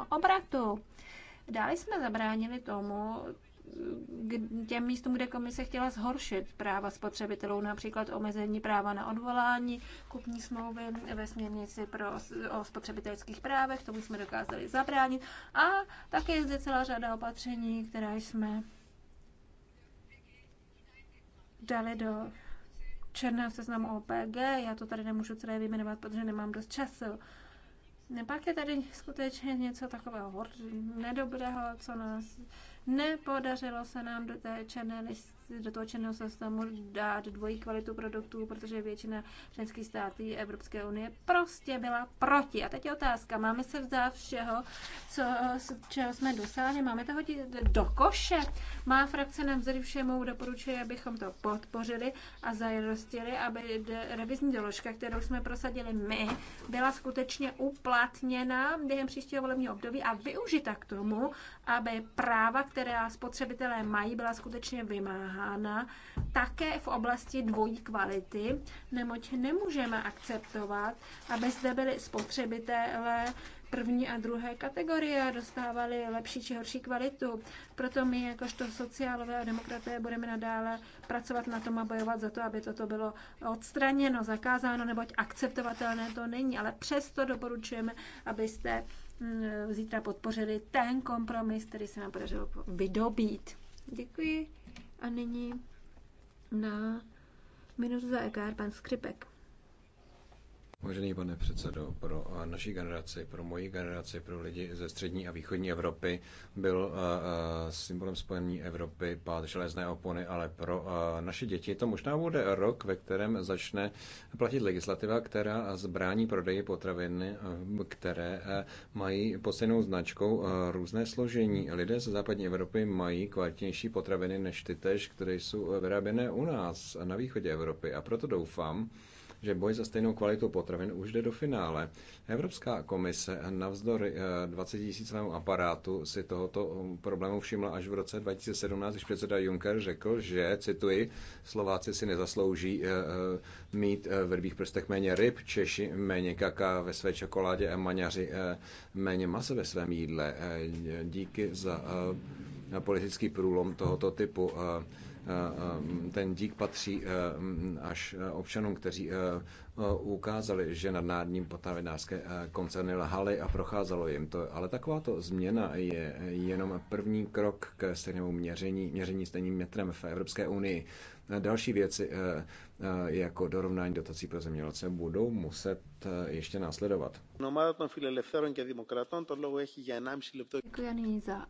ročního obratu. Dále jsme zabránili tomu, k těm místům, kde komise chtěla zhoršit práva spotřebitelů, například omezení práva na odvolání, kupní smlouvy ve směrnici pro, o spotřebitelských právech, tomu jsme dokázali zabránit. A také je zde celá řada opatření, která jsme dali do černého seznamu OPG. Já to tady nemůžu celé vyjmenovat, protože nemám dost času. Pak je tady skutečně něco takového nedobrého, co nás nepodařilo se nám do té černé listy do toho černého systému dát dvojí kvalitu produktů, protože většina členských států Evropské unie prostě byla proti. A teď je otázka, máme se vzdát všeho, co, čeho jsme dosáhli, máme to hodit do koše. Má frakce navzory všemu doporučuje, abychom to podpořili a zajistili, aby revizní doložka, kterou jsme prosadili my, byla skutečně uplatněna během příštího volebního období a využita k tomu, aby práva, která spotřebitelé mají, byla skutečně vymáhána pomáhána také v oblasti dvojí kvality, neboť nemůžeme akceptovat, aby zde byli spotřebitelé první a druhé kategorie a dostávali lepší či horší kvalitu. Proto my, jakožto sociálové a demokraté, budeme nadále pracovat na tom a bojovat za to, aby toto bylo odstraněno, zakázáno, neboť akceptovatelné to není. Ale přesto doporučujeme, abyste mm, zítra podpořili ten kompromis, který se nám podařilo vydobít. Děkuji. A nyní na minutu za ekár pan Skripek. Vážený pane předsedo, pro naší generaci, pro moji generaci, pro lidi ze střední a východní Evropy byl symbolem spojení Evropy pád železné opony, ale pro naše děti to možná bude rok, ve kterém začne platit legislativa, která zbrání prodeji potravin, které mají pod stejnou značkou různé složení. Lidé ze západní Evropy mají kvalitnější potraviny než ty tež, které jsou vyráběné u nás na východě Evropy. A proto doufám, že boj za stejnou kvalitu potravin už jde do finále. Evropská komise navzdory 20 eh, tisícovému aparátu si tohoto um, problému všimla až v roce 2017, když předseda Juncker řekl, že, cituji, Slováci si nezaslouží eh, eh, mít v rybých prstech méně ryb, Češi méně kaká ve své čokoládě a Maňaři méně masa ve svém jídle. Díky za politický průlom tohoto typu. Ten dík patří eh, mm, až eh, občanům, kteří eh, ukázali, že nadnárodní potravinářské koncerny lhaly a procházelo jim to. Ale takováto změna je jenom první krok k stejnému měření, měření stejným metrem v Evropské unii. Další věci, jako dorovnání dotací pro zemědělce, budou muset ještě následovat. Děkuji za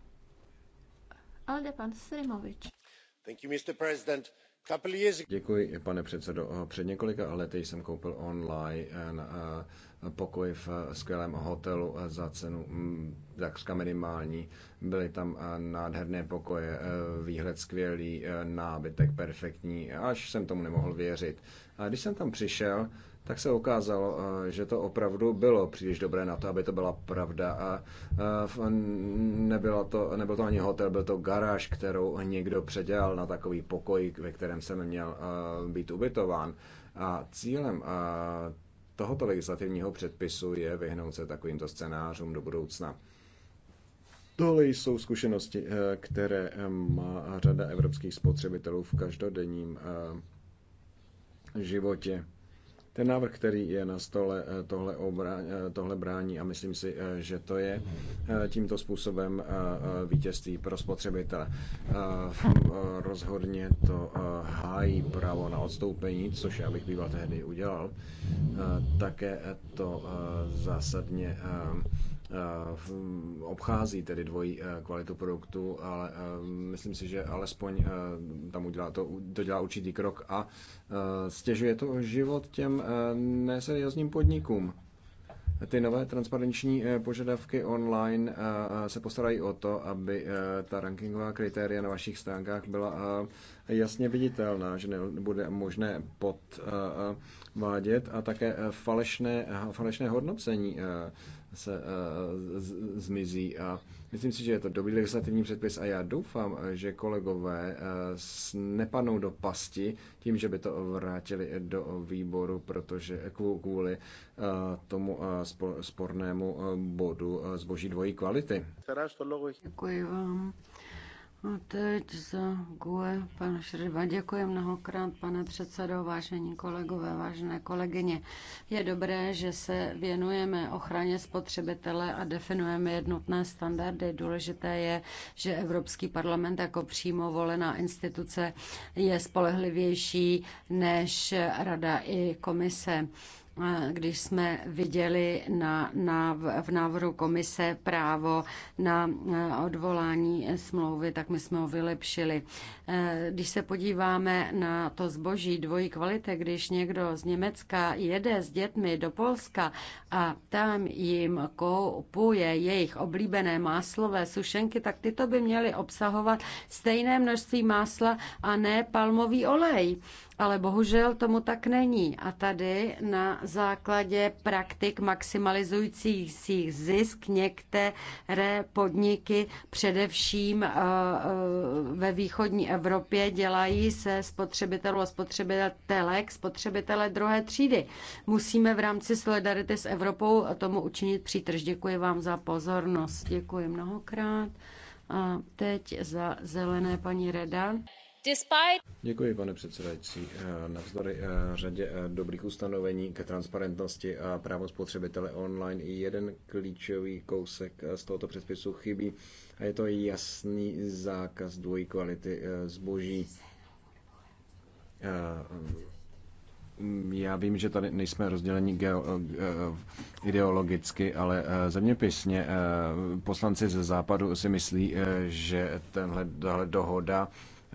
Alde pan Srimovič. Děkuji, pane předsedo. Před několika lety jsem koupil online eh, eh, pokoj v eh, skvělém hotelu za cenu mm, takřka minimální. Byly tam nádherné pokoje, výhled skvělý, nábytek perfektní, až jsem tomu nemohl věřit. A když jsem tam přišel, tak se ukázalo, eh, že to opravdu bylo příliš dobré na to, aby to byla pravda. A eh, nebylo to, nebyl to ani hotel, byl to garáž, kterou někdo předělal na takový pokoj, ve kterém jsem měl eh, být ubytován. A cílem tohoto legislativního předpisu je vyhnout se takovýmto scénářům do budoucna. Tohle jsou zkušenosti, které má řada evropských spotřebitelů v každodenním životě. Ten návrh, který je na stole, eh, tohle, obrá eh, tohle brání a myslím si, eh, že to je tímto způsobem vítězství pro spotřebitele. Rozhodně to hájí právo na odstoupení, což já bych býval tehdy udělal. Také to zásadně Eh, obchází tedy dvojí eh, kvalitu produktu, ale eh, myslím si, že alespoň tam udělá to, to dělá určitý krok a stěžuje to život těm neseriózním podnikům. Ty nové transparenční požadavky online se postarají o to, aby ta rankingová kritéria na vašich stránkách byla jasně viditelná, že nebude možné podvádět a také falešné, falešné hodnocení se eh, zmizí. A myslím si, že je to dobrý legislativní předpis a já doufám, že kolegové eh, nepadnou do pasti tím, že by to vrátili do výboru, protože kvůli eh, tomu spornému bodu zboží dvojí kvality. Děkuji vám. A teď za GUE, pan Šrba, děkuji mnohokrát, pane předsedo, vážení kolegové, vážené kolegyně. Je dobré, že se věnujeme ochraně spotřebitele a definujeme jednotné standardy. Důležité je, že Evropský parlament jako přímo volená instituce je spolehlivější než Rada i komise když jsme viděli na, na, v návrhu komise právo na eh, odvolání smlouvy, tak my jsme ho vylepšili. Eh, když se podíváme na to zboží dvojí kvality, když někdo z Německa jede s dětmi do Polska a tam jim koupuje jejich oblíbené máslové sušenky, tak tyto by měly obsahovat stejné množství másla a ne palmový olej ale bohužel tomu tak není. A tady na základě praktik maximalizujících si zisk některé podniky, především eh, eh, ve východní Evropě, dělají se spotřebitelů a spotřebitelek spotřebitele druhé třídy. Musíme v rámci solidarity s Evropou tomu učinit přítrž. Děkuji vám za pozornost. Děkuji mnohokrát. A teď za zelené paní Reda. Děkuji, pane předsedající. Eh, navzdory eh, řadě eh, dobrých ustanovení ke transparentnosti a právo spotřebitele online i jeden klíčový kousek z tohoto předpisu chybí a je to jasný zákaz dvojí kvality zboží. Já vím, že tady nejsme rozděleni ideologicky, ale zeměpisně poslanci ze západu si myslí, že tenhle dohoda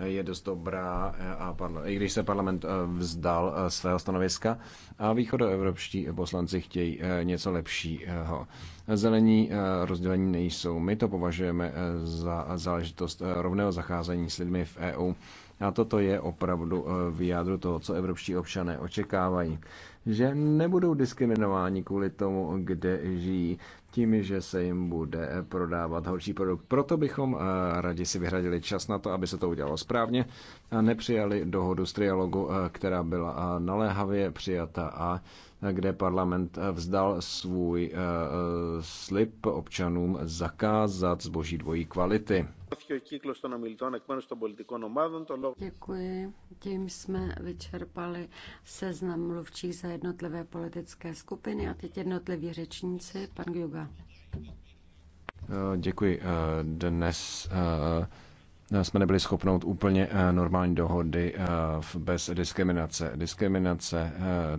je dost dobrá, eh, a i když se parlament eh, vzdal eh, svého stanoviska, a východoevropští poslanci chtějí něco lepšího. Zelení rozdělení nejsou. My to považujeme za záležitost rovného zacházení s lidmi v EU. A toto je opravdu v jádru toho, co evropští občané očekávají. Že nebudou diskriminováni kvůli tomu, kde žijí, tím, že se jim bude eh, prodávat horší produkt. Proto bychom eh, rádi si vyhradili čas na to, aby se to udělalo správně a nepřijali dohodu z trialogu, eh, která byla naléhavě přijata a kde parlament eh, vzdal svůj eh, eh, slib občanům zakázat zboží dvojí kvality. Děkuji. Tím jsme vyčerpali seznam mluvčích za jednotlivé politické skupiny a teď jednotliví řečníci. Pan Gyuga. Děkuji. Dnes Eh, jsme nebyli schopnout úplně eh, normální dohody eh, bez diskriminace. Diskriminace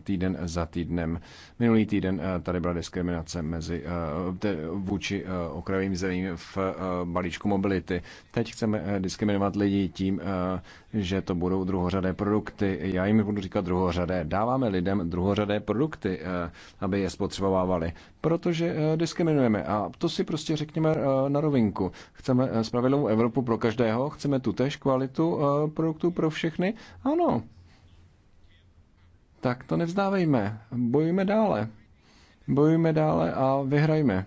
týden za týdnem. Minulý týden tady byla diskriminace mezi, vůči okrajovým zemím v balíčku mobility. Teď chceme diskriminovat lidi tím, že to budou druhořadé produkty. Já jim budu říkat druhořadé. Dáváme lidem druhořadé produkty, eh, aby je spotřebovávali, protože eh, diskriminujeme. A to si prostě řekněme eh, na rovinku. Chceme spravedlivou Evropu pro každého, chceme tu tež kvalitu produktů pro všechny. Ano. Tak to nevzdávejme. Bojujme dále. Bojujme dále a vyhrajme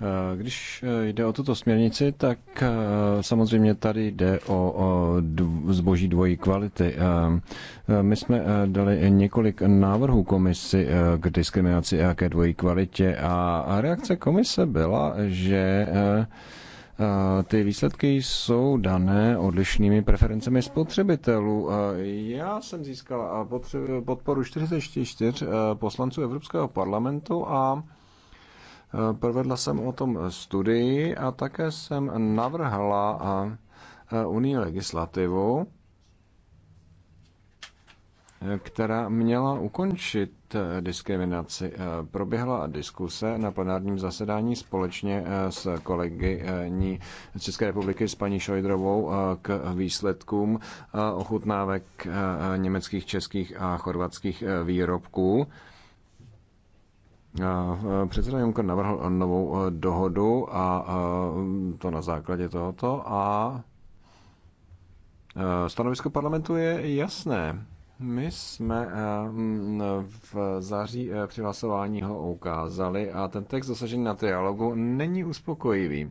Eh, když eh, jde o tuto směrnici, tak eh, samozřejmě tady jde o zboží dvojí kvality. My jsme dali několik návrhů komisi k diskriminaci a ke dvojí kvalitě a reakce komise byla, že ty výsledky jsou dané odlišnými preferencemi spotřebitelů. Já jsem získal podporu 44 poslanců Evropského parlamentu a Eh, provedla jsem o tom studii a také jsem navrhla eh, eh, unii legislativu, která měla ukončit diskriminaci. Proběhla diskuse na plenárním zasedání společně s kolegy z České republiky s paní Šojdrovou k výsledkům ochutnávek německých, českých a chorvatských výrobků Předseda Juncker navrhl novou dohodu a to na základě tohoto a stanovisko parlamentu je jasné. My jsme v září při hlasování ho ukázali a ten text dosažený na trialogu není uspokojivý.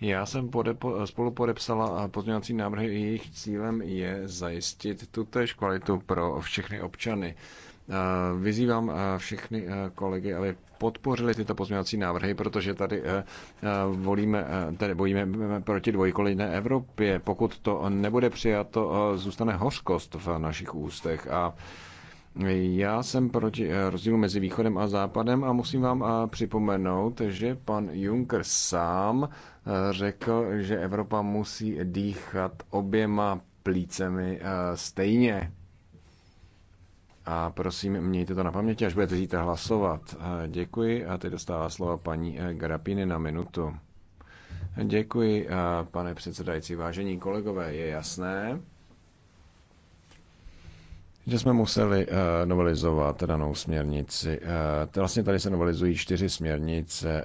Já jsem podepo, spolu podepsala pozměňovací návrhy, jejich cílem je zajistit tutéž kvalitu pro všechny občany. Eh, vyzývám eh, všechny eh, kolegy, aby podpořili tyto pozměňovací návrhy, protože tady volíme, tady bojíme proti dvojkolejné Evropě. Pokud to nebude přijato, zůstane hořkost v našich ústech a já jsem proti rozdílu mezi východem a západem a musím vám připomenout, že pan Juncker sám řekl, že Evropa musí dýchat oběma plícemi stejně. A prosím, mějte to na paměti, až budete zítra hlasovat. Děkuji a teď dostává slovo paní eh, Grapiny na minutu. Děkuji, eh, pane předsedající. Vážení kolegové, je jasné, že jsme museli uh, novelizovat danou směrnici. Uh, vlastně tady se novelizují čtyři směrnice.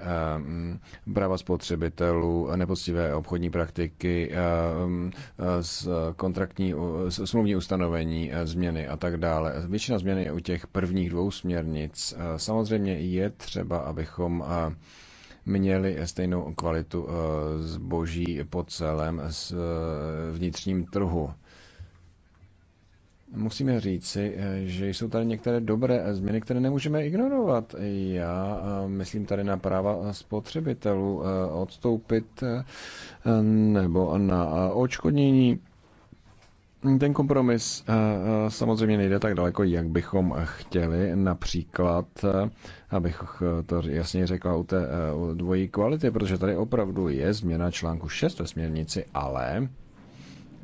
Uh, práva spotřebitelů, nepoctivé obchodní praktiky, uh, uh, kontraktní, uh, smluvní ustanovení, uh, změny a tak dále. Většina změn je u těch prvních dvou směrnic. Uh, samozřejmě je třeba, abychom uh, měli stejnou kvalitu zboží po celém vnitřním trhu musíme říci, eh, že jsou tady některé dobré změny, které nemůžeme ignorovat. Já eh, myslím tady na práva spotřebitelů eh, odstoupit nebo na očkodnění. Ten kompromis samozřejmě nejde tak daleko, jak bychom chtěli. Například, abych to jasně řekla u té dvojí kvality, protože tady opravdu je změna článku 6 ve směrnici, ale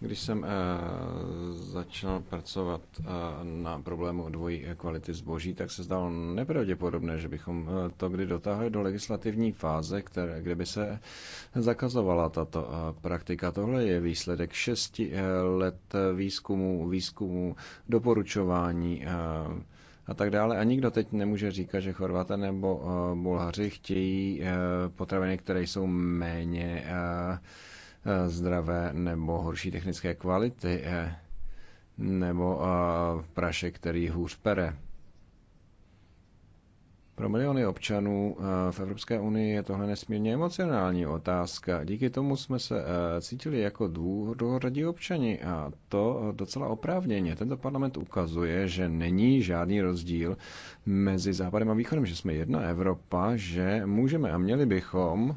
Když jsem eh, začal pracovat eh, na problému dvojí kvality zboží, tak se zdálo nepravděpodobné, že bychom eh, to kdy dotáhli do legislativní fáze, které, kde by se zakazovala tato praktika. Tohle je výsledek šesti let výzkumu, výzkumu, doporučování a tak dále. A nikdo teď nemůže říkat, že Chorvata nebo Bulhaři chtějí potraviny, které jsou méně Eh, zdravé nebo horší technické kvality eh, nebo eh, praše, který hůř pere. Pro miliony občanů v Evropské unii je tohle nesmírně emocionální otázka. Díky tomu jsme se cítili jako dlouhoradí občani a to docela oprávněně. Tento parlament ukazuje, že není žádný rozdíl mezi Západem a Východem, že jsme jedna Evropa, že můžeme a měli bychom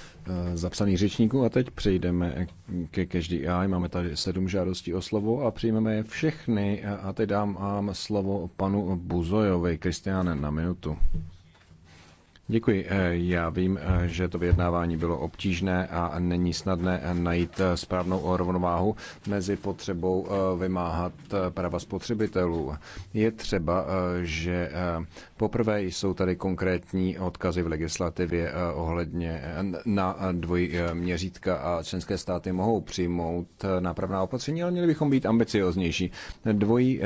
Eh, zapsaných řečníků a teď přejdeme ke každý AI. Máme tady sedm žádostí o slovo a přijmeme je všechny. A teď dám eh, slovo panu Buzojovi, Kristiáne, na minutu. Děkuji. Eh, já vím, eh, že to vyjednávání bylo obtížné a není snadné eh, najít správnou rovnováhu mezi potřebou vymáhat práva spotřebitelů. Je třeba, že poprvé jsou tady konkrétní odkazy v legislativě ohledně na dvojí měřítka a členské státy mohou přijmout nápravná opatření, ale měli bychom být ambicioznější. Dvojí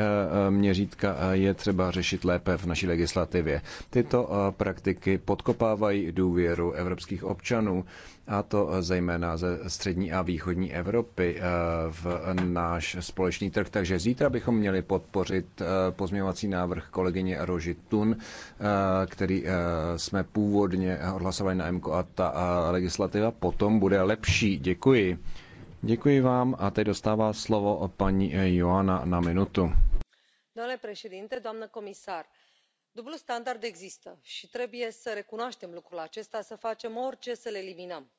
měřítka je třeba řešit lépe v naší legislativě. Tyto praktiky po podkopávají důvěru evropských občanů, a to zejména ze střední a východní Evropy eh, v náš společný trh. Takže zítra bychom měli podpořit eh, pozměňovací návrh kolegyně Roži Tun, eh, který jsme původně odhlasovali na MKO a ta legislativa potom bude lepší. Děkuji. Děkuji vám a teď dostává slovo paní Joana na minutu. Domnule președinte, doamnă comisar, dublul standard există și trebuie să recunoaștem lucrul acesta să facem orice să l eliminăm.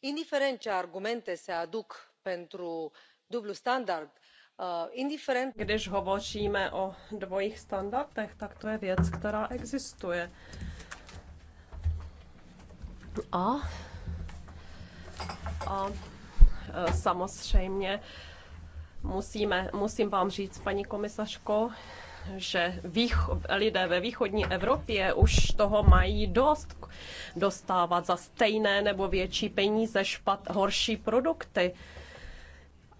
indiferent ce argumente se aduc pentru dublul standard uh, indiferent. Když hovoříme o dvojích standardech, tak to je věc, která existuje. A, a e, samozřejmě musíme, musím vám říct, paní komisařko, že výcho- lidé ve východní Evropě už toho mají dost dostávat za stejné nebo větší peníze, špat, horší produkty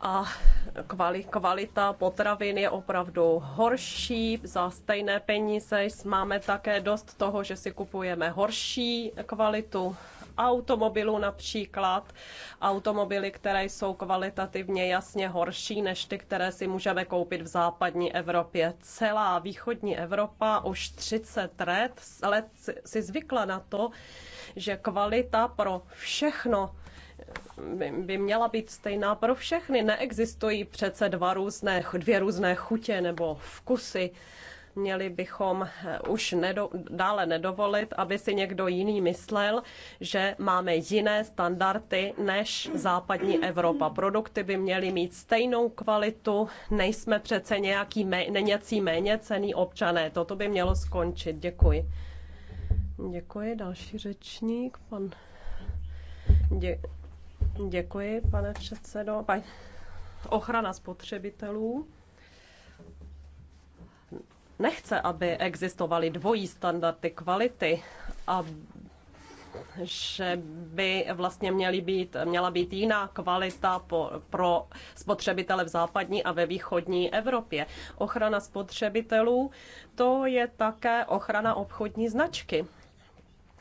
a kvali, kvalita potravin je opravdu horší. Za stejné peníze máme také dost toho, že si kupujeme horší kvalitu automobilů automobilu například. Automobily, které jsou kvalitativně jasně horší než ty, které si můžeme koupit v západní Evropě. Celá východní Evropa už 30 let, let si zvykla na to, že kvalita pro všechno by měla být stejná pro všechny. Neexistují přece dva různé, dvě různé chutě nebo vkusy. Měli bychom eh, už nedo, dále nedovolit, aby si někdo jiný myslel, že máme jiné standardy než západní Evropa. Produkty by měly mít stejnou kvalitu, nejsme přece nějaký mé, nějací méně cený občané. Toto by mělo skončit. Děkuji. Děkuji. Další řečník, pan... Dě... Děkuji, pane předsedo. Pa... Ochrana spotřebitelů nechce, aby existovaly dvojí standardy kvality a že by vlastně měly být, měla být jiná kvalita po, pro spotřebitele v západní a ve východní Evropě. Ochrana spotřebitelů to je také ochrana obchodní značky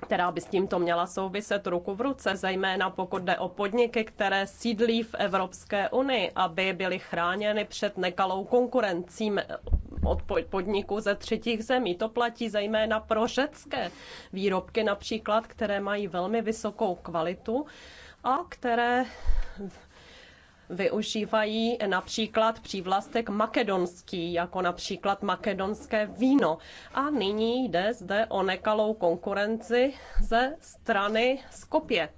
která by s tímto měla souviset ruku v ruce, zejména pokud jde o podniky, které sídlí v Evropské unii, aby byly chráněny před nekalou konkurencí od podniků ze třetích zemí. To platí zejména pro řecké výrobky například, které mají velmi vysokou kvalitu a které využívají například přívlastek makedonský, jako například makedonské víno. A nyní jde zde o nekalou konkurenci ze strany Skopje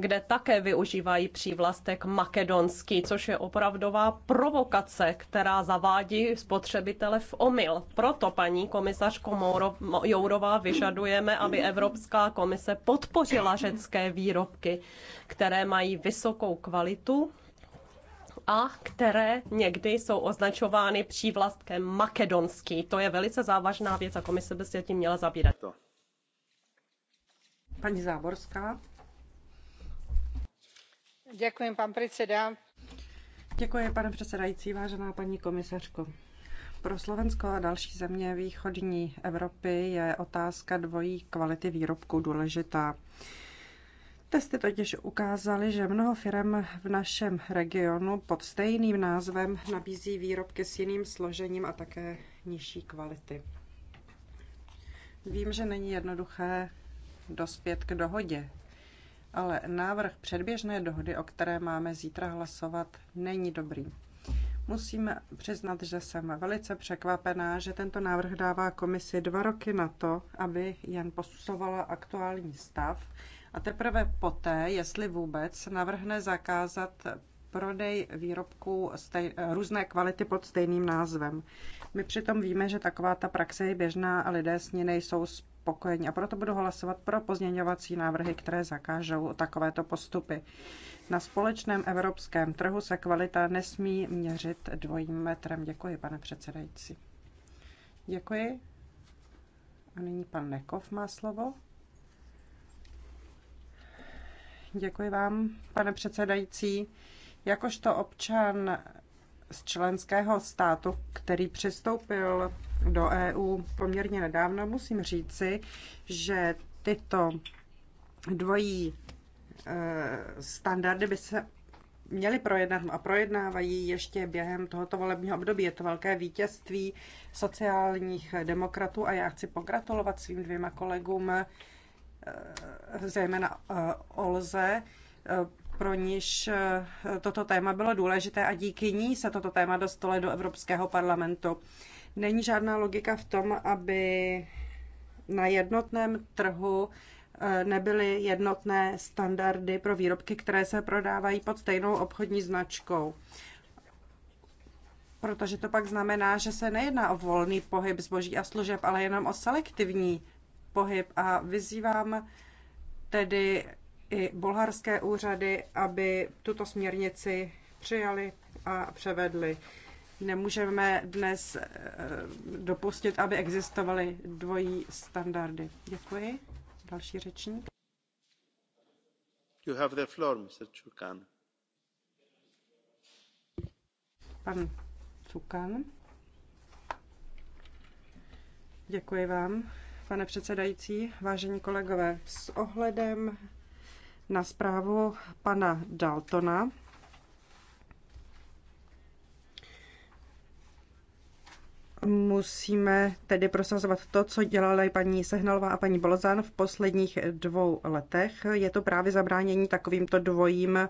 kde také využívají přívlastek makedonský, což je opravdová provokace, která zavádí spotřebitele v omyl. Proto paní komisařko Jourová vyžadujeme, aby Evropská komise podpořila řecké výrobky, které mají vysokou kvalitu a které někdy jsou označovány přívlastkem makedonský. To je velice závažná věc a komise by se tím měla zabírat. Paní Záborská. Děkuji, pan předseda. Děkuji, pane předsedající, vážená paní komisařko. Pro Slovensko a další země východní Evropy je otázka dvojí kvality výrobků důležitá. Testy totiž ukázaly, že mnoho firm v našem regionu pod stejným názvem nabízí výrobky s jiným složením a také nižší kvality. Vím, že není jednoduché dospět k dohodě ale návrh předběžné dohody, o které máme zítra hlasovat, není dobrý. Musím přiznat, že jsem velice překvapená, že tento návrh dává komisi dva roky na to, aby jen posuzovala aktuální stav a teprve poté, jestli vůbec, navrhne zakázat prodej výrobků stej, různé kvality pod stejným názvem. My přitom víme, že taková ta praxe je běžná a lidé s ní nejsou spokojeni a proto budu hlasovat pro pozměňovací návrhy, které zakážou takovéto postupy. Na společném evropském trhu se kvalita nesmí měřit dvojím metrem. Děkuji, pane předsedající. Děkuji. A nyní pan Nekov má slovo. Děkuji vám, pane předsedající. Jakožto občan z členského státu, který přistoupil do EU poměrně nedávno, musím říci, že tyto dvojí eh, standardy by se měli projednat a projednávají ještě během tohoto volebního období. Je to velké vítězství sociálních demokratů a já chci pogratulovat svým dvěma kolegům, eh, zejména eh, Olze, pro niž toto téma bylo důležité a díky ní se toto téma dostalo do Evropského parlamentu. Není žádná logika v tom, aby na jednotném trhu eh, nebyly jednotné standardy pro výrobky, které se prodávají pod stejnou obchodní značkou. Protože to pak znamená, že se nejedná o volný pohyb zboží a služeb, ale jenom o selektivní pohyb. A vyzývám tedy i bulharské úřady, aby tuto směrnici přijali a převedli. Nemůžeme dnes eh, dopustit, aby existovaly dvojí standardy. Děkuji. Další řečník. You have the floor, Mr. Chukan. Pan Cukan. Děkuji vám, pane předsedající, vážení kolegové. S ohledem na zprávu pana Daltona musíme tedy prosazovat to, co dělala paní Sehnalová a paní Bolzán v posledních dvou letech. Je to právě zabránění takovýmto dvojím eh,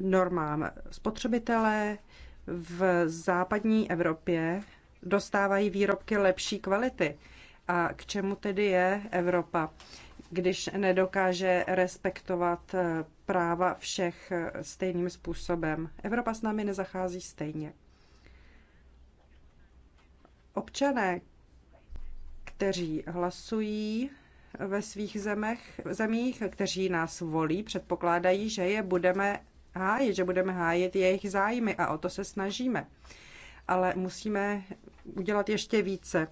normám. Spotřebitelé v západní Evropě dostávají výrobky lepší kvality. A k čemu tedy je Evropa, když nedokáže respektovat eh, práva všech eh, stejným způsobem? Evropa s námi nezachází stejně občané, kteří hlasují ve svých zemech, zemích, kteří nás volí, předpokládají, že je budeme hájit, že budeme hájit jejich zájmy a o to se snažíme. Ale musíme udělat ještě více.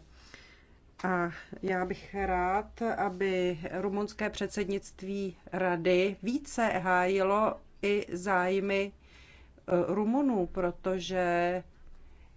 A já bych rád, aby rumunské předsednictví rady více hájilo i zájmy eh, Rumunů, protože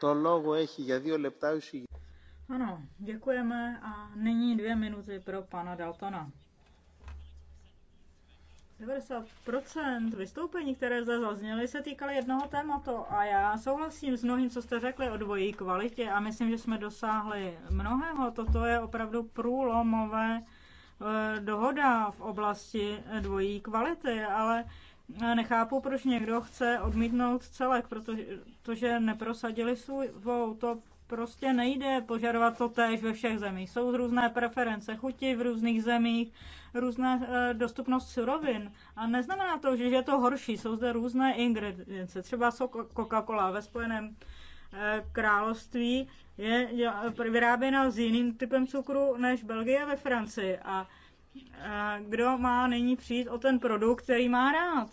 To logo Ano, děkujeme a nyní dvě minuty pro pana Daltona. 90% vystoupení, které zde zazněly, se týkaly jednoho tématu a já souhlasím s mnohým, co jste řekli o dvojí kvalitě a myslím, že jsme dosáhli mnohého. Toto je opravdu průlomové eh, dohoda v oblasti dvojí kvality, ale nechápu, proč někdo chce odmítnout celek, protože to, že neprosadili svůj To prostě nejde požadovat to též ve všech zemích. Jsou různé preference chuti v různých zemích, různá eh, dostupnost surovin. A neznamená to, že je to horší. Jsou zde různé ingredience. Třeba Coca-Cola ve Spojeném eh, království je vyráběna s jiným typem cukru než Belgie ve Francii. A kdo má nyní přijít o ten produkt, který má rád.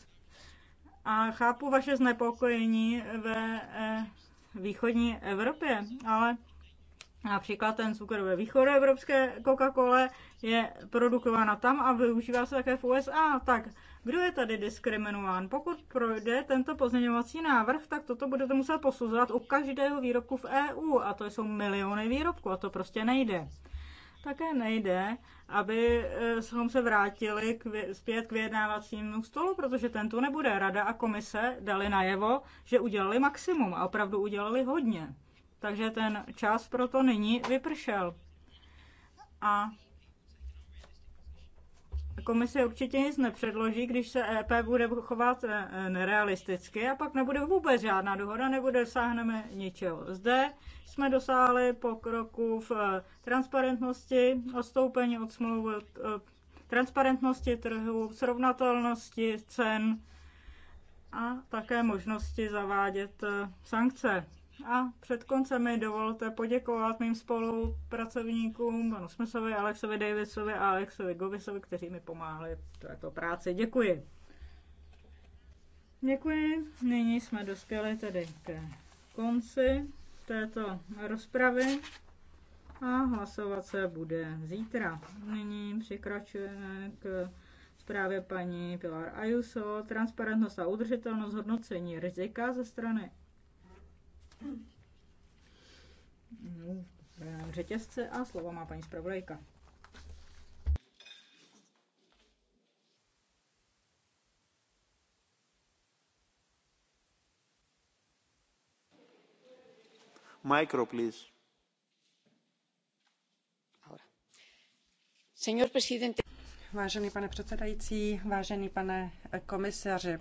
A chápu vaše znepokojení ve eh, východní Evropě, ale například ten cukr ve východoevropské Coca-Cola je produkována tam a využívá se také v USA. Tak kdo je tady diskriminován? Pokud projde tento pozměňovací návrh, tak toto budete muset posuzovat u každého výrobku v EU a to jsou miliony výrobků a to prostě nejde také nejde, aby jsme eh, se vrátili k, zpět k vyjednávacímu stolu, protože ten tu nebude. Rada a komise dali najevo, že udělali maximum a opravdu udělali hodně. Takže ten čas proto nyní vypršel. A komise určitě nic nepředloží, když se EP bude chovat eh, eh, nerealisticky a pak nebude vůbec žádná dohoda, nebude dosáhneme ničeho. Zde jsme dosáhli pokroku v eh, transparentnosti, odstoupení od smlouvy, transparentnosti trhu, srovnatelnosti cen a také možnosti zavádět sankce. A před koncem mi dovolte poděkovat mým spolupracovníkům, panu Smysovi, Alexovi Davisovi a Alexovi Govisovi, kteří mi pomáhli v této práci. Děkuji. Děkuji. Nyní jsme dospěli tedy ke konci této rozpravy a hlasovat se bude zítra. Nyní přikračujeme k zprávě paní Pilar Ayuso, transparentnost a udržitelnost hodnocení rizika ze strany No, no, řetězce a slovo má paní zpravodajka. Micro, please. Vážený pane předsedající, vážený pane komisaři,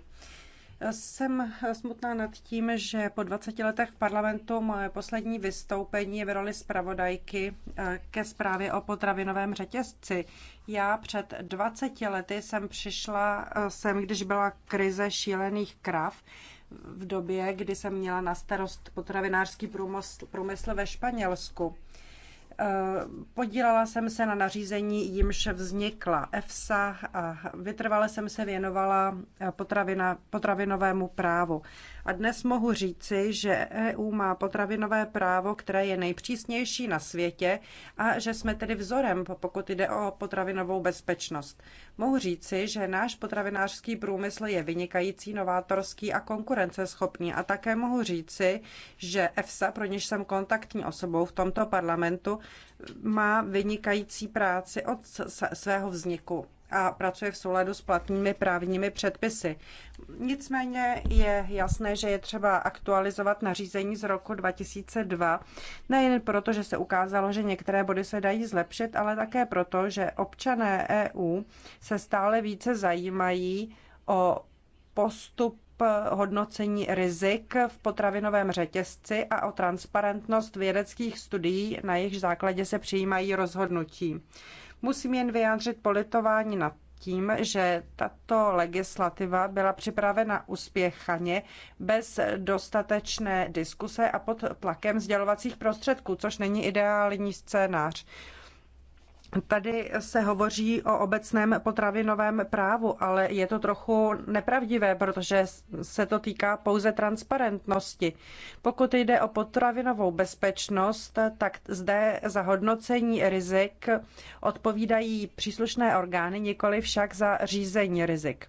jsem smutná nad tím, že po 20 letech v parlamentu moje poslední vystoupení je v roli zpravodajky eh, ke zprávě o potravinovém řetězci. Já před 20 lety jsem přišla eh, sem, když byla krize šílených krav, v době, kdy jsem měla na starost potravinářský průmysl, průmysl ve Španělsku. Eh, podílela jsem se na nařízení, jimž vznikla EFSA a vytrvale jsem se věnovala eh, potravina, potravinovému právu. A dnes mohu říci, že EU má potravinové právo, které je nejpřísnější na světě a že jsme tedy vzorem, pokud jde o potravinovou bezpečnost. Mohu říci, že náš potravinářský průmysl je vynikající, novátorský a konkurenceschopný. A také mohu říci, že EFSA, pro něž jsem kontaktní osobou v tomto parlamentu, má vynikající práci od svého vzniku a pracuje v souladu s platnými právními předpisy. Nicméně je jasné, že je třeba aktualizovat nařízení z roku 2002, nejen proto, že se ukázalo, že některé body se dají zlepšit, ale také proto, že občané EU se stále více zajímají o postup hodnocení rizik v potravinovém řetězci a o transparentnost vědeckých studií, na jejich základě se přijímají rozhodnutí. Musím jen vyjádřit politování na tím, že tato legislativa byla připravena uspěchaně, bez dostatečné diskuse a pod tlakem sdělovacích prostředků, což není ideální scénář. Tady se hovoří o obecném potravinovém právu, ale je to trochu nepravdivé, protože se to týká pouze transparentnosti. Pokud jde o potravinovou bezpečnost, tak zde za hodnocení rizik odpovídají příslušné orgány, nikoli však za řízení rizik.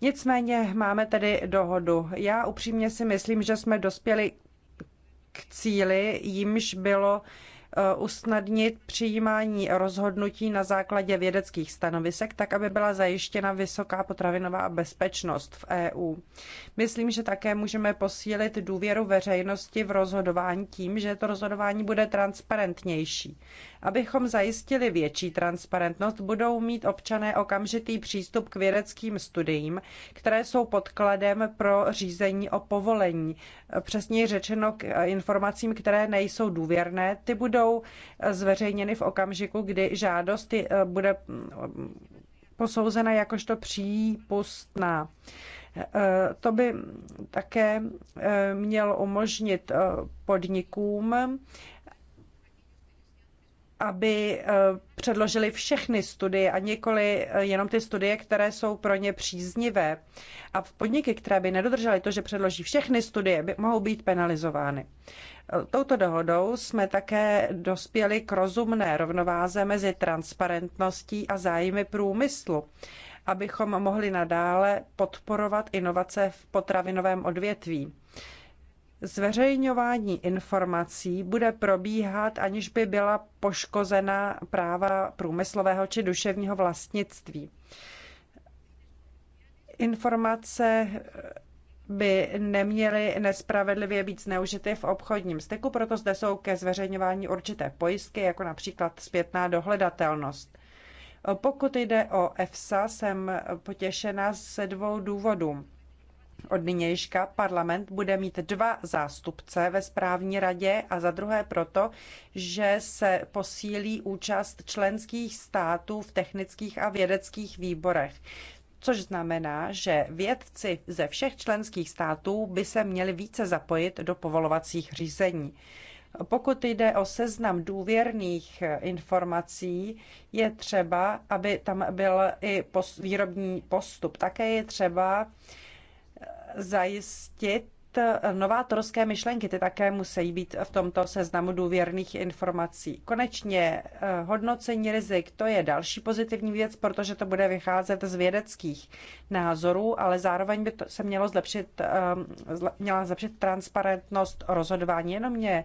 Nicméně máme tedy dohodu. Já upřímně si myslím, že jsme dospěli k cíli, jimž bylo Eh, usnadnit přijímání rozhodnutí na základě vědeckých stanovisek, tak aby byla zajištěna vysoká potravinová bezpečnost v EU. Myslím, že také můžeme posílit důvěru veřejnosti v rozhodování tím, že to rozhodování bude transparentnější. Abychom zajistili větší transparentnost, budou mít občané okamžitý přístup k vědeckým studiím, které jsou podkladem pro řízení o povolení. Přesněji řečeno k informacím, které nejsou důvěrné, ty budou zveřejněny v okamžiku, kdy žádost bude posouzena jakožto přípustná. To by také mělo umožnit podnikům aby eh, předložili všechny studie a nikoli eh, jenom ty studie, které jsou pro ně příznivé. A v podniky, které by nedodržely to, že předloží všechny studie, by, mohou být penalizovány. Eh, touto dohodou jsme také dospěli k rozumné rovnováze mezi transparentností a zájmy průmyslu, abychom mohli nadále podporovat inovace v potravinovém odvětví zveřejňování informací bude probíhat, aniž by byla poškozena práva průmyslového či duševního vlastnictví. Informace by neměly nespravedlivě být zneužity v obchodním styku, proto zde jsou ke zveřejňování určité pojistky, jako například zpětná dohledatelnost. Pokud jde o EFSA, jsem potěšena se dvou důvodů. Od nynějška parlament bude mít dva zástupce ve správní radě a za druhé proto, že se posílí účast členských států v technických a vědeckých výborech což znamená, že vědci ze všech členských států by se měli více zapojit do povolovacích řízení. Pokud jde o seznam důvěrných informací, je třeba, aby tam byl i výrobní postup. Také je třeba zajistit novátorské myšlenky, ty také musí být v tomto seznamu důvěrných informací. Konečně eh, hodnocení rizik, to je další pozitivní věc, protože to bude vycházet z vědeckých názorů, ale zároveň by to se mělo zlepšit, eh, měla zlepšit transparentnost rozhodování. Jenom mě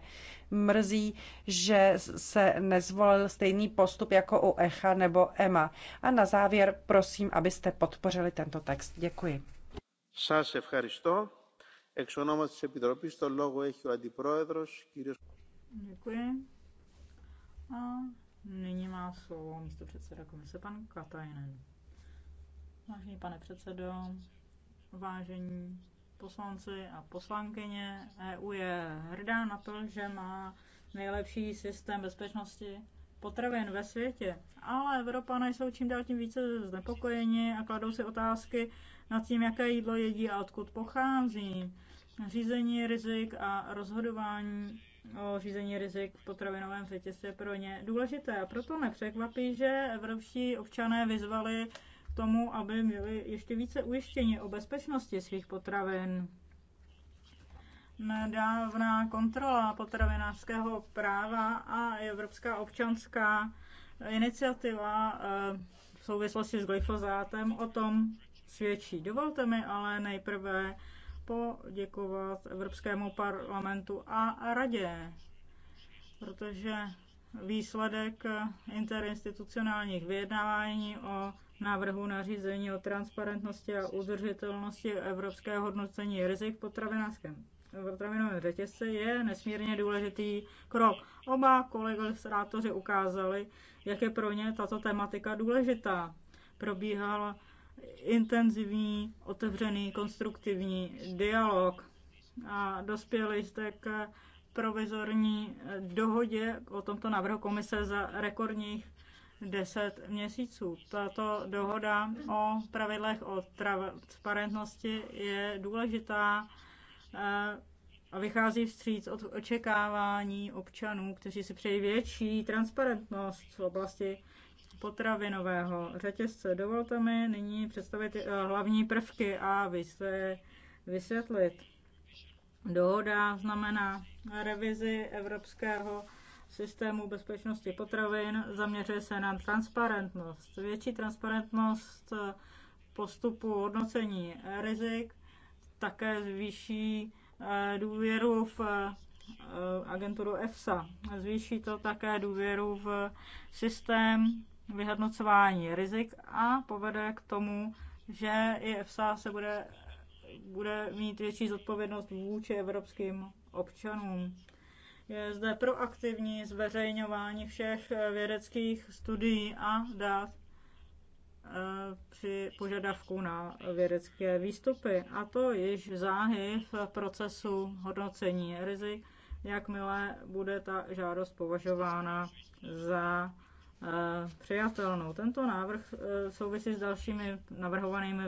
mrzí, že se nezvolil stejný postup jako u ECHA nebo EMA. A na závěr prosím, abyste podpořili tento text. Děkuji. Σας ευχαριστώ. Εξ ονόματος της Επιτροπής το έχει ο Αντιπρόεδρος, κύριος... Děkuji. nyní má slovo místo předseda komise, pan Katajnen. Vážený pane předsedo, vážení poslanci a poslankyně, EU je hrdá na to, že má nejlepší systém bezpečnosti potravin ve světě. Ale Evropané jsou čím dál tím více znepokojeni a kladou si otázky, nad tím, jaké jídlo jedí a odkud pochází. Řízení rizik a rozhodování o řízení rizik v potravinovém řetězci je pro ně důležité. A proto nepřekvapí, že evropští občané vyzvali k tomu, aby měli ještě více ujištění o bezpečnosti svých potravin. Nedávná kontrola potravinářského práva a Evropská občanská iniciativa eh, v souvislosti s glyfozátem o tom svědčí. Dovolte mi ale nejprve poděkovat Evropskému parlamentu a radě, protože výsledek interinstitucionálních vyjednávání o návrhu nařízení o transparentnosti a udržitelnosti evropského hodnocení rizik v potravinářském potravinovém řetězce je nesmírně důležitý krok. Oba kolegistrátoři ukázali, jak je pro ně tato tematika důležitá. Probíhal intenzivní, otevřený, konstruktivní dialog. A dospěli jste k provizorní dohodě o tomto návrhu komise za rekordních 10 měsíců. Tato dohoda o pravidlech o transparentnosti je důležitá eh, a vychází vstříc od očekávání občanů, kteří si přejí větší transparentnost v oblasti potravinového řetězce. Dovolte mi nyní představit eh, hlavní prvky a vysvětlit. Dohoda znamená revizi evropského systému bezpečnosti potravin, zaměřuje se na transparentnost, větší transparentnost eh, postupu hodnocení rizik, také zvýší eh, důvěru v agenturu EFSA. Zvýší to také důvěru v systém vyhodnocování rizik a povede k tomu, že i EFSA se bude, bude mít větší zodpovědnost vůči evropským občanům. Je zde proaktivní zveřejňování všech vědeckých studií a dát eh, při požadavku na vědecké výstupy. A to již záhy v procesu hodnocení rizik, jakmile bude ta žádost považována za Eh, přijatelnou. Tento návrh eh, souvisí s dalšími navrhovanými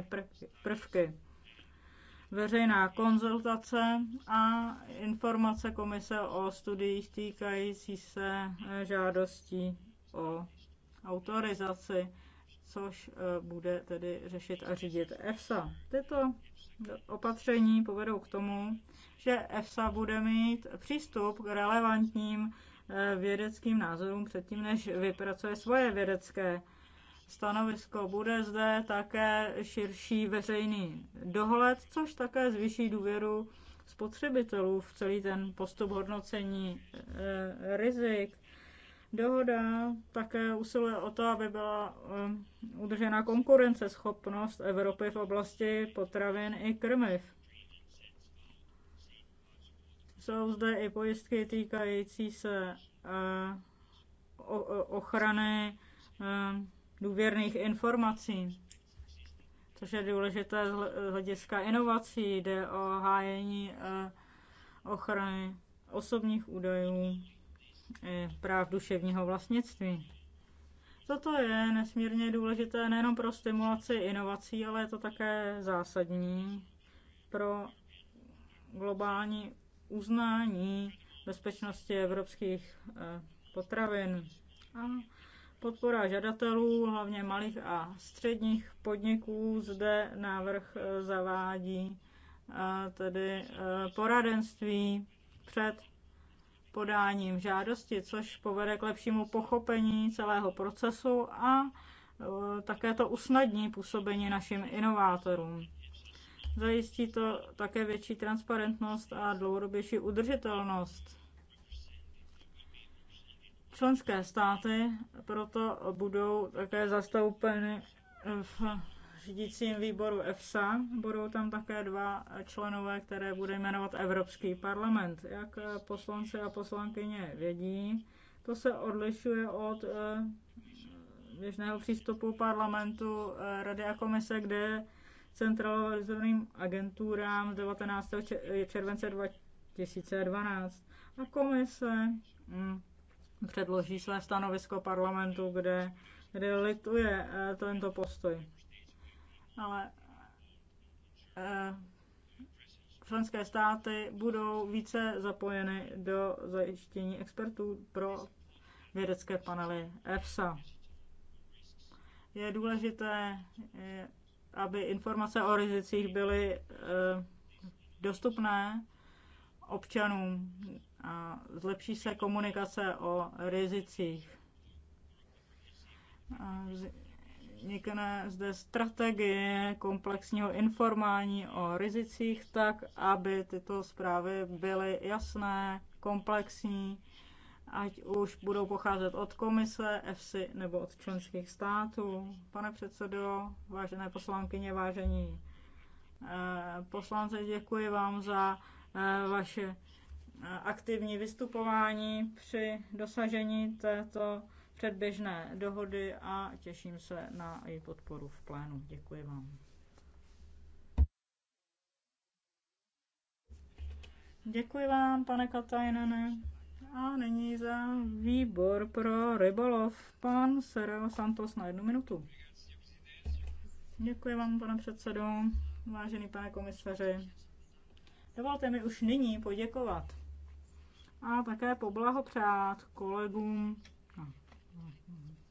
prvky. Veřejná konzultace a informace komise o studiích týkající se eh, žádostí o autorizaci, což bude tedy řešit a řídit EFSA. Tyto opatření povedou k tomu, že EFSA bude mít přístup k relevantním Eh, vědeckým názorům předtím, než vypracuje svoje vědecké stanovisko. Bude zde také širší veřejný dohled, což také zvýší důvěru spotřebitelů v celý ten postup hodnocení eh, rizik. Dohoda také usiluje o to, aby byla eh, udržena konkurenceschopnost Evropy v oblasti potravin i krmiv. Jsou zde i pojistky týkající se eh, ochrany eh, důvěrných informací, což je důležité z hlediska inovací. Jde o hájení eh, ochrany osobních údajů i práv duševního vlastnictví. Toto je nesmírně důležité nejenom pro stimulaci inovací, ale je to také zásadní pro globální uznání bezpečnosti evropských eh, potravin. A podpora žadatelů, hlavně malých a středních podniků, zde návrh eh, zavádí eh, tedy poradenství před podáním žádosti, což povede k lepšímu pochopení celého procesu a také to usnadní působení našim inovátorům. Zajistí to také větší transparentnost a dlouhodobější udržitelnost. Členské státy proto budou také zastoupeny v řídícím výboru EFSA. Budou tam také dva členové, které bude jmenovat Evropský parlament. Jak poslanci a poslankyně vědí, to se odlišuje od eh, běžného přístupu parlamentu, eh, rady a komise, kde centralizovaným agenturám 19. Eh, července 2012. A komise hm, předloží své stanovisko parlamentu, kde, kde lituje eh, tento postoj. Ale eh, členské státy budou více zapojeny do zajištění expertů pro vědecké panely EFSA. Je důležité aby informace o rizicích byly eh, dostupné občanům a zlepší se komunikace o rizicích. Vznikne zde strategie komplexního informání o rizicích tak, aby tyto zprávy byly jasné, komplexní ať už budou pocházet od komise, EFSI nebo od členských států. Pane předsedo, vážené poslankyně, vážení eh, poslanci, děkuji vám za eh, vaše eh, aktivní vystupování při dosažení této předběžné dohody a těším se na její podporu v plénu. Děkuji vám. Děkuji vám, pane Katajnene. A nyní za výbor pro rybolov pan Sereo Santos na jednu minutu. Děkuji vám, pane předsedo, vážený pane komisaři. Dovolte mi už nyní poděkovat a také poblahopřát kolegům no,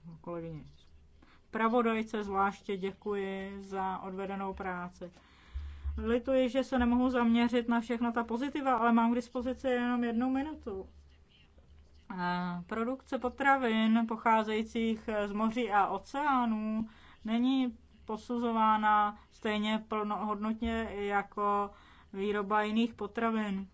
no, kolegyně. Pravodajce zvláště děkuji za odvedenou práci. Lituji, že se nemohu zaměřit na všechna ta pozitiva, ale mám k dispozici jenom jednu minutu. Eh, produkce potravin pocházejících z moří a oceánů není posuzována stejně plnohodnotně jako výroba jiných potravin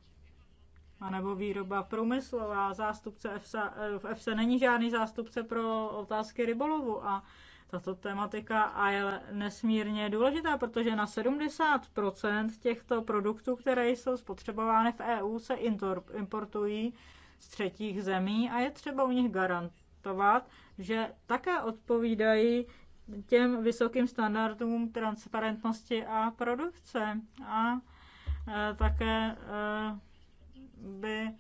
anebo výroba průmyslová. Zástupce EFSA, eh, v EFSA není žádný zástupce pro otázky rybolovu a tato tematika je nesmírně důležitá, protože na 70% těchto produktů, které jsou spotřebovány v EU, se importují z třetích zemí a je třeba u nich garantovat, že také odpovídají těm vysokým standardům transparentnosti a produkce. A e, také e, by e,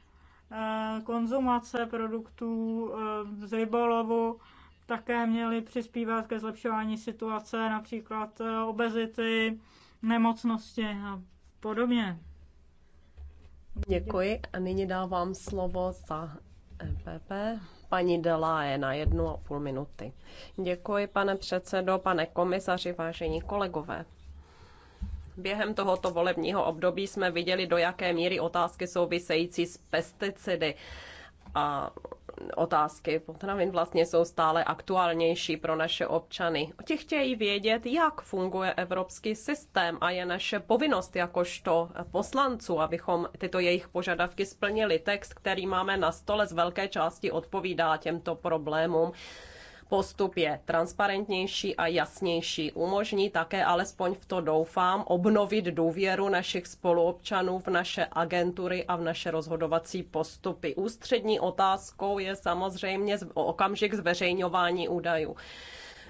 konzumace produktů z rybolovu také měly přispívat ke zlepšování situace, například obezity, nemocnosti a podobně. Děkuji a nyní dávám slovo za EPP paní Deláje na jednu a půl minuty. Děkuji, pane předsedo, pane komisaři, vážení kolegové. Během tohoto volebního období jsme viděli, do jaké míry otázky související s pesticidy a otázky potravin vlastně jsou stále aktuálnější pro naše občany. Ti chtějí vědět, jak funguje evropský systém a je naše povinnost jakožto poslanců, abychom tyto jejich požadavky splnili. Text, který máme na stole, z velké části odpovídá těmto problémům. Postup je transparentnější a jasnější. Umožní také, alespoň v to doufám, obnovit důvěru našich spoluobčanů v naše agentury a v naše rozhodovací postupy. Ústřední otázkou je samozřejmě okamžik zveřejňování údajů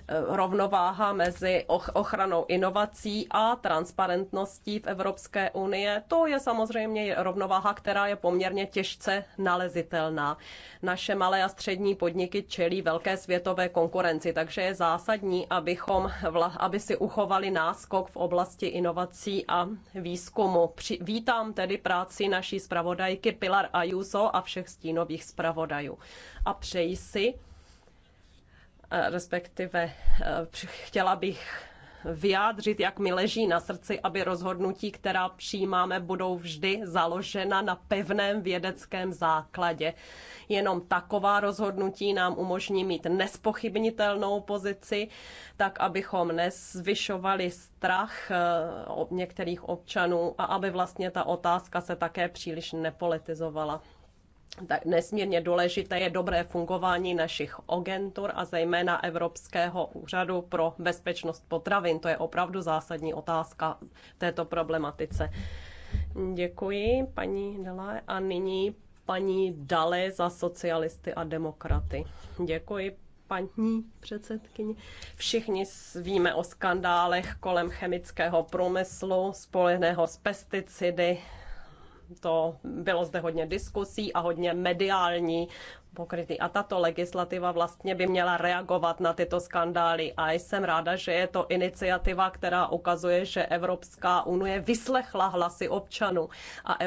rovnováha mezi ochranou inovací a transparentností v Evropské unie. To je samozřejmě rovnováha, která je poměrně těžce nalezitelná. Naše malé a střední podniky čelí velké světové konkurenci, takže je zásadní, abychom vla, aby si uchovali náskok v oblasti inovací a výzkumu. Při, vítám tedy práci naší zpravodajky Pilar Ayuso a všech stínových zpravodajů. A přeji si, respektive eh, chtěla bych vyjádřit, jak mi leží na srdci, aby rozhodnutí, která přijímáme, budou vždy založena na pevném vědeckém základě. Jenom taková rozhodnutí nám umožní mít nespochybnitelnou pozici, tak abychom nezvyšovali strach eh, některých občanů a aby vlastně ta otázka se také příliš nepolitizovala tak nesmírně důležité je dobré fungování našich agentur a zejména Evropského úřadu pro bezpečnost potravin. To je opravdu zásadní otázka této problematice. Děkuji, paní Dele. A nyní paní Dale za socialisty a demokraty. Děkuji, paní předsedkyně. Všichni víme o skandálech kolem chemického průmyslu spojeného s pesticidy, to bylo zde hodně diskusí a hodně mediální pokrytý. A tato legislativa vlastně by měla reagovat na tyto skandály. A jsem ráda, že je to iniciativa, která ukazuje, že Evropská unie vyslechla hlasy občanů a Evropská